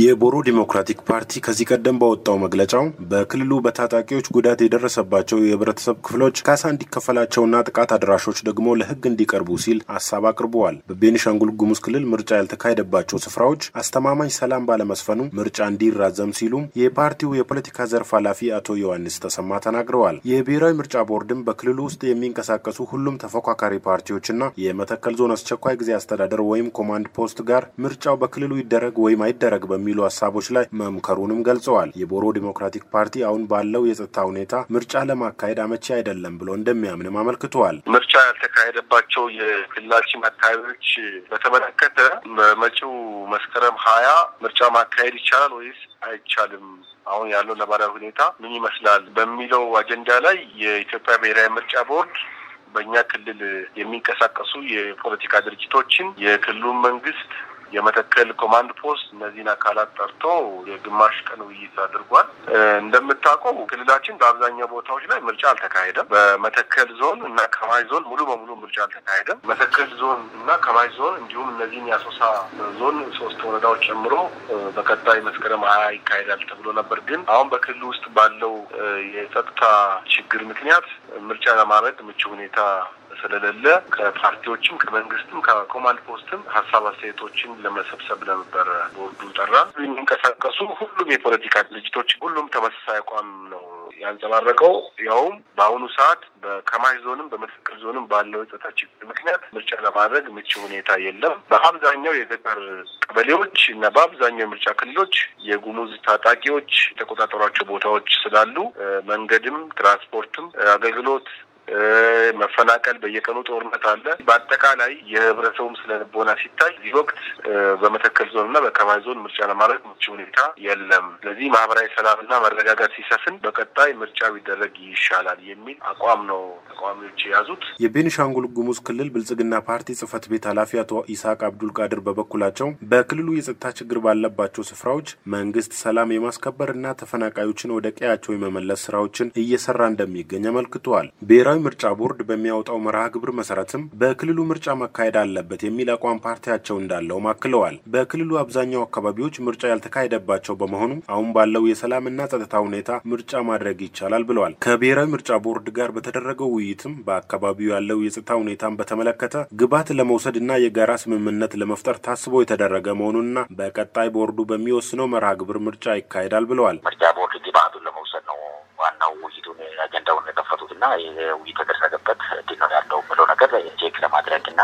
የቦሮ ዲሞክራቲክ ፓርቲ ከዚህ ቀደም ባወጣው መግለጫው በክልሉ በታጣቂዎች ጉዳት የደረሰባቸው የህብረተሰብ ክፍሎች ካሳ እንዲከፈላቸውና ጥቃት አድራሾች ደግሞ ለህግ እንዲቀርቡ ሲል ሀሳብ አቅርበዋል። በቤኒሻንጉል ጉሙዝ ክልል ምርጫ ያልተካሄደባቸው ስፍራዎች አስተማማኝ ሰላም ባለመስፈኑ ምርጫ እንዲራዘም ሲሉም የፓርቲው የፖለቲካ ዘርፍ ኃላፊ አቶ ዮሐንስ ተሰማ ተናግረዋል። የብሔራዊ ምርጫ ቦርድም በክልሉ ውስጥ የሚንቀሳቀሱ ሁሉም ተፎካካሪ ፓርቲዎችና የመተከል ዞን አስቸኳይ ጊዜ አስተዳደር ወይም ኮማንድ ፖስት ጋር ምርጫው በክልሉ ይደረግ ወይም አይደረግ በሚሉ ሀሳቦች ላይ መምከሩንም ገልጸዋል። የቦሮ ዲሞክራቲክ ፓርቲ አሁን ባለው የጸጥታ ሁኔታ ምርጫ ለማካሄድ አመቺ አይደለም ብሎ እንደሚያምንም አመልክተዋል። ምርጫ ያልተካሄደባቸው የክልላችን አካባቢዎች በተመለከተ በመጪው መስከረም ሀያ ምርጫ ማካሄድ ይቻላል ወይስ አይቻልም አሁን ያለው ነባራዊ ሁኔታ ምን ይመስላል በሚለው አጀንዳ ላይ የኢትዮጵያ ብሔራዊ ምርጫ ቦርድ በእኛ ክልል የሚንቀሳቀሱ የፖለቲካ ድርጅቶችን የክልሉን መንግስት የመተከል ኮማንድ ፖስት እነዚህን አካላት ጠርቶ የግማሽ ቀን ውይይት አድርጓል። እንደምታውቀው ክልላችን በአብዛኛው ቦታዎች ላይ ምርጫ አልተካሄደም። በመተከል ዞን እና ከማይ ዞን ሙሉ በሙሉ ምርጫ አልተካሄደም። መተከል ዞን እና ከማይ ዞን እንዲሁም እነዚህን የአሶሳ ዞን ሶስት ወረዳዎች ጨምሮ በቀጣይ መስከረም ሀያ ይካሄዳል ተብሎ ነበር። ግን አሁን በክልሉ ውስጥ ባለው የጸጥታ ችግር ምክንያት ምርጫ ለማድረግ ምቹ ሁኔታ ስለሌለ ከፓርቲዎችም ከመንግስትም ከኮማንድ ፖስትም ሀሳብ አስተያየቶችን ለመሰብሰብ ለነበረ ቦርዱ ጠራ። የሚንቀሳቀሱ ሁሉም የፖለቲካ ድርጅቶች ሁሉም ተመሳሳይ አቋም ነው ያንጸባረቀው። ያውም በአሁኑ ሰዓት በከማሽ ዞንም በመተከል ዞንም ባለው የጸጥታ ችግር ምክንያት ምርጫ ለማድረግ ምቹ ሁኔታ የለም። በአብዛኛው የገጠር ቀበሌዎች እና በአብዛኛው የምርጫ ክልሎች የጉሙዝ ታጣቂዎች የተቆጣጠሯቸው ቦታዎች ስላሉ መንገድም ትራንስፖርትም አገልግሎት መፈናቀል፣ በየቀኑ ጦርነት አለ። በአጠቃላይ የህብረተሰቡም ስለልቦና ሲታይ እዚህ ወቅት በመተከል ዞን እና በከባይ ዞን ምርጫ ለማድረግ ምቹ ሁኔታ የለም። ስለዚህ ማህበራዊ ሰላምና መረጋጋት ሲሰፍን በቀጣይ ምርጫ ቢደረግ ይሻላል የሚል አቋም ነው ተቃዋሚዎች የያዙት። የቤኒሻንጉል ጉሙዝ ክልል ብልጽግና ፓርቲ ጽህፈት ቤት ኃላፊ አቶ ኢስሐቅ አብዱል ቃድር በበኩላቸው በክልሉ የጸጥታ ችግር ባለባቸው ስፍራዎች መንግስት ሰላም የማስከበርና ተፈናቃዮችን ወደ ቀያቸው የመመለስ ስራዎችን እየሰራ እንደሚገኝ አመልክተዋል። ብሔራዊ ብሔራዊ ምርጫ ቦርድ በሚያወጣው መርሃ ግብር መሰረትም በክልሉ ምርጫ መካሄድ አለበት የሚል አቋም ፓርቲያቸው እንዳለውም አክለዋል። በክልሉ አብዛኛው አካባቢዎች ምርጫ ያልተካሄደባቸው በመሆኑ አሁን ባለው የሰላምና ጸጥታ ሁኔታ ምርጫ ማድረግ ይቻላል ብለዋል። ከብሔራዊ ምርጫ ቦርድ ጋር በተደረገው ውይይትም በአካባቢው ያለው የጸጥታ ሁኔታን በተመለከተ ግብዓት ለመውሰድ እና የጋራ ስምምነት ለመፍጠር ታስቦ የተደረገ መሆኑንና በቀጣይ ቦርዱ በሚወስነው መርሃ ግብር ምርጫ ይካሄዳል ብለዋል። እና ውይይት የተደረገበት እንዲህ ነው ያለው ብሎ ነገር ቼክ ለማድረግ እና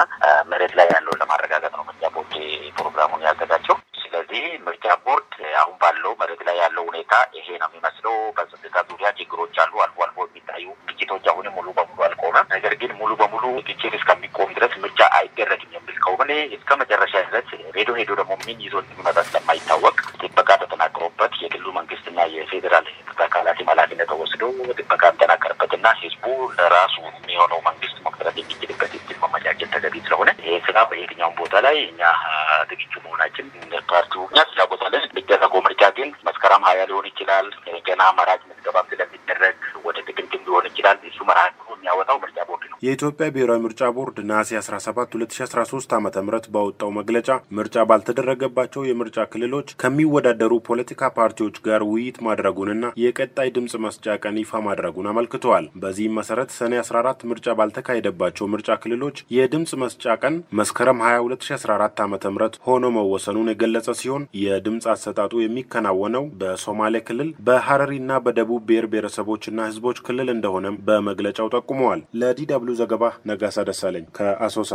መሬት ላይ ያለውን ለማረጋገጥ ነው ምርጫ ቦርድ ፕሮግራሙን ያዘጋጀው። ስለዚህ ምርጫ ቦርድ አሁን ባለው መሬት ላይ ያለው ሁኔታ ይሄ ነው የሚመስለው። በጸጥታ ዙሪያ ችግሮች አሉ። አልፎ አልፎ የሚታዩ ግጭቶች አሁንም ሙሉ በሙሉ አልቆመም። ነገር ግን ሙሉ በሙሉ ግጭት እስከሚቆም ድረስ ምርጫ አይደረግም የሚል ከሆነ እስከ መጨረሻ ድረስ ሄዶ ሄዶ ደግሞ ምን ይዞ እንደሚመጣ ስለማይታወቅ ጥበቃ ተጠናክሮበት የክልሉ መንግስትና የፌዴራል ለራሱ የሚሆነው መንግስት መቅረብ የሚችልበት እድል መመቻቸት ተገቢ ስለሆነ ይህ ስራ በየትኛውም ቦታ ላይ እኛ ዝግጁ መሆናችን ፓርቲው እኛ ስላቦታለን። የሚደረገው ምርጫ ግን መስከረም ሀያ ሊሆን ይችላል። ገና አማራጭ ምዝገባም ስለሚደረግ ወደ ጥቅምትም ሊሆን ይችላል። እሱ መርሃ የሚያወጣው ምርጫ የኢትዮጵያ ብሔራዊ ምርጫ ቦርድ ነሐሴ 17 2013 ዓ ም ባወጣው መግለጫ ምርጫ ባልተደረገባቸው የምርጫ ክልሎች ከሚወዳደሩ ፖለቲካ ፓርቲዎች ጋር ውይይት ማድረጉንና የቀጣይ ድምፅ መስጫ ቀን ይፋ ማድረጉን አመልክተዋል። በዚህም መሰረት ሰኔ 14 ምርጫ ባልተካሄደባቸው ምርጫ ክልሎች የድምፅ መስጫ ቀን መስከረም 22014 2014 ዓ ም ሆኖ መወሰኑን የገለጸ ሲሆን የድምፅ አሰጣጡ የሚከናወነው በሶማሌ ክልል በሐረሪና በደቡብ ብሔር ብሔረሰቦችና ህዝቦች ክልል እንደሆነም በመግለጫው ጠቁመዋል። ለዲ ሙሉ ዘገባ ነጋሳ ደሳለኝ ከአሶሳ